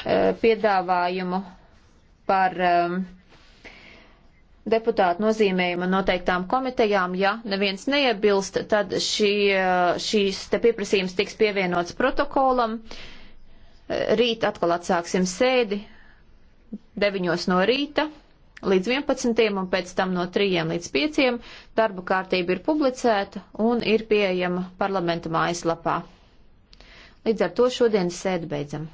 Eh, piedāvājumu par eh, deputātu nozīmējumu noteiktām komitejām. Ja neviens neiebilst, tad šī, eh, šīs te pieprasījums tiks pievienots protokolam. Rīt atkal atsāksim sēdi 9 no rīta līdz 11 un pēc tam no 3 līdz 5. Darba kārtība ir publicēta un ir pieejama parlamenta mājaslapā. Līdz ar to šodienas sēdi beidzam.